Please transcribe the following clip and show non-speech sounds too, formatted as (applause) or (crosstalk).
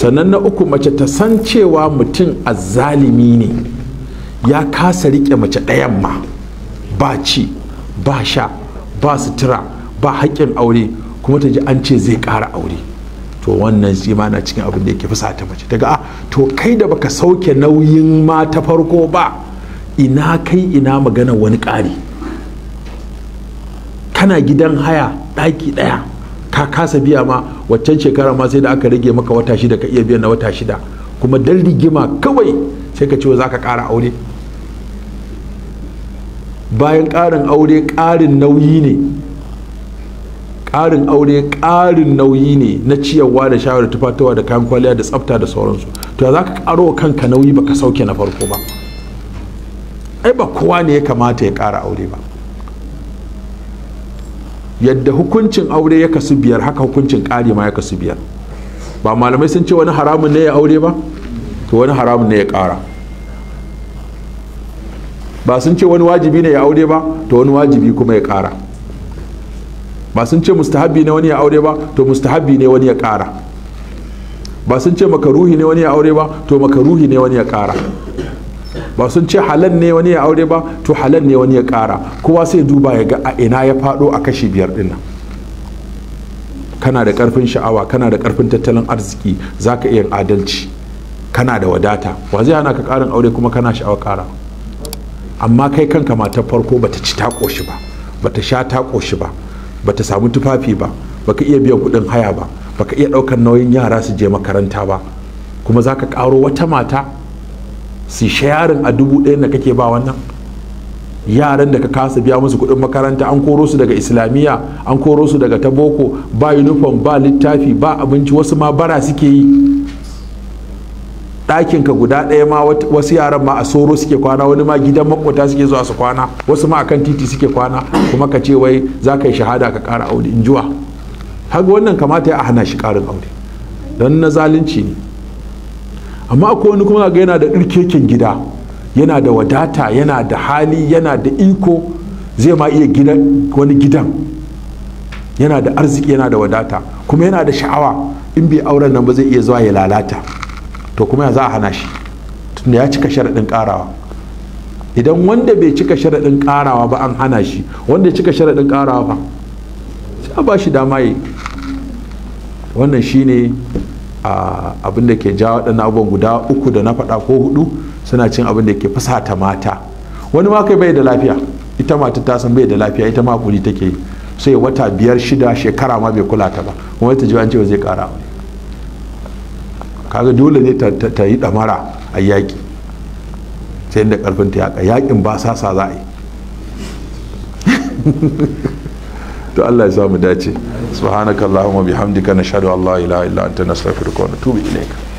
sannan na uku mace ta san cewa mutum azzalimi ne ya kasa rike mace ɗayan ma ba ci ba sha ba sutura ba haƙƙin aure kuma ta ji an ce zai ƙara aure to wannan ma na cikin abin da yake fusata mace daga a ah, to kai da baka sauke nauyin ma ta farko ba ina kai ina magana wani ƙari kana gidan haya ɗaki ɗaya ka kasa biya ma waccan shekara ma sai da aka rage maka wata shida ka iya biyan na wata shida kuma dan rigima kawai sai ka ce za ka ƙara aure bayan ƙarin aure ƙarin nauyi ne ƙarin aure ƙarin nauyi ne na ciyawa da shawar da tufatowa da kayan kwaliya da tsafta da sauransu to za ka ƙaro kanka nauyi ba ka sauke na farko ba ai ba kowa ne ya kamata ya ƙara aure ba yadda hukuncin aure ya kasu biyar haka hukuncin ƙari ma ya kasu biyar ba malamai sun ce wani haramun ne ya aure ba to wani haramun ne ya ƙara ba sun ce wani wajibi ne ya aure ba to wani wajibi kuma ya ƙara ba sun ce mustahabi ne wani ya aure ba to mustahabi ne wani ya ƙara ba sun ce makaruhi ne wani ya aure ba to makaruhi ne wani ya ƙara ba sun ce halal ne wani ya aure ba to halal ne wani ya kara kowa sai duba ya ga a ina ya fado a kashi biyar din kana da karfin sha'awa kana da karfin tattalin arziki zaka iya adalci kana da wadata wa zai hana ka karin aure kuma kana sha'awa kara amma kai kanka matar farko bata ci ta koshi ba bata sha ta koshi ba bata samu tufafi ba baka iya biyan kudin haya ba baka iya daukar nauyin yara su je makaranta ba kuma zaka karo wata mata su sharing a dubu ɗaya da kake ba wannan yaran da ka kasa biya musu kuɗin makaranta an koro su daga islamiyya an koro su daga ta boko ba uniform ba littafi ba abinci wasu ma bara suke yi ka guda ɗaya ma wasu yaran ma a soro suke kwana wani ma gidan makwata suke zuwa su kwana wasu ma akan titi suke kwana kuma ka ce wai za ka yi shahada ka ƙara aure in juwa wannan kamata ya a hana shi ƙarin aure don na zalunci ne amma akwai wani kuma ga yana da ɗirkeken gida yana da wadata yana da hali yana da iko zai ma iya gida wani gidan yana da arziki yana da wadata kuma yana da sha'awa in bai auren nan ba zai iya zuwa ya lalata to kuma ya za a hana shi tunda ya cika sharaɗin ƙarawa idan wanda bai cika sharaɗin ƙarawa ba an hana shi wanda ya cika sharaɗin ƙarawa ba sai a ba shi dama yi wannan shine abin da ke jawo waɗannan abubuwan guda uku da na faɗa ko hudu suna cin abin da ke fusata mata wani ma kai bai da lafiya ita mata ta san bai da lafiya ita ma kuli take sai wata biyar shida shekara ma bai kula ta ba kuma ta ji an cewa zai kara kaga dole ne ta yi damara a yaƙi sai da karfin ta yaƙa yaƙin ba sasa sa za (laughs) to Allah ya samu dace subhanakallahumma bihamdika nashhadu an la ilaha illa anta nastaghfiruka wa natubu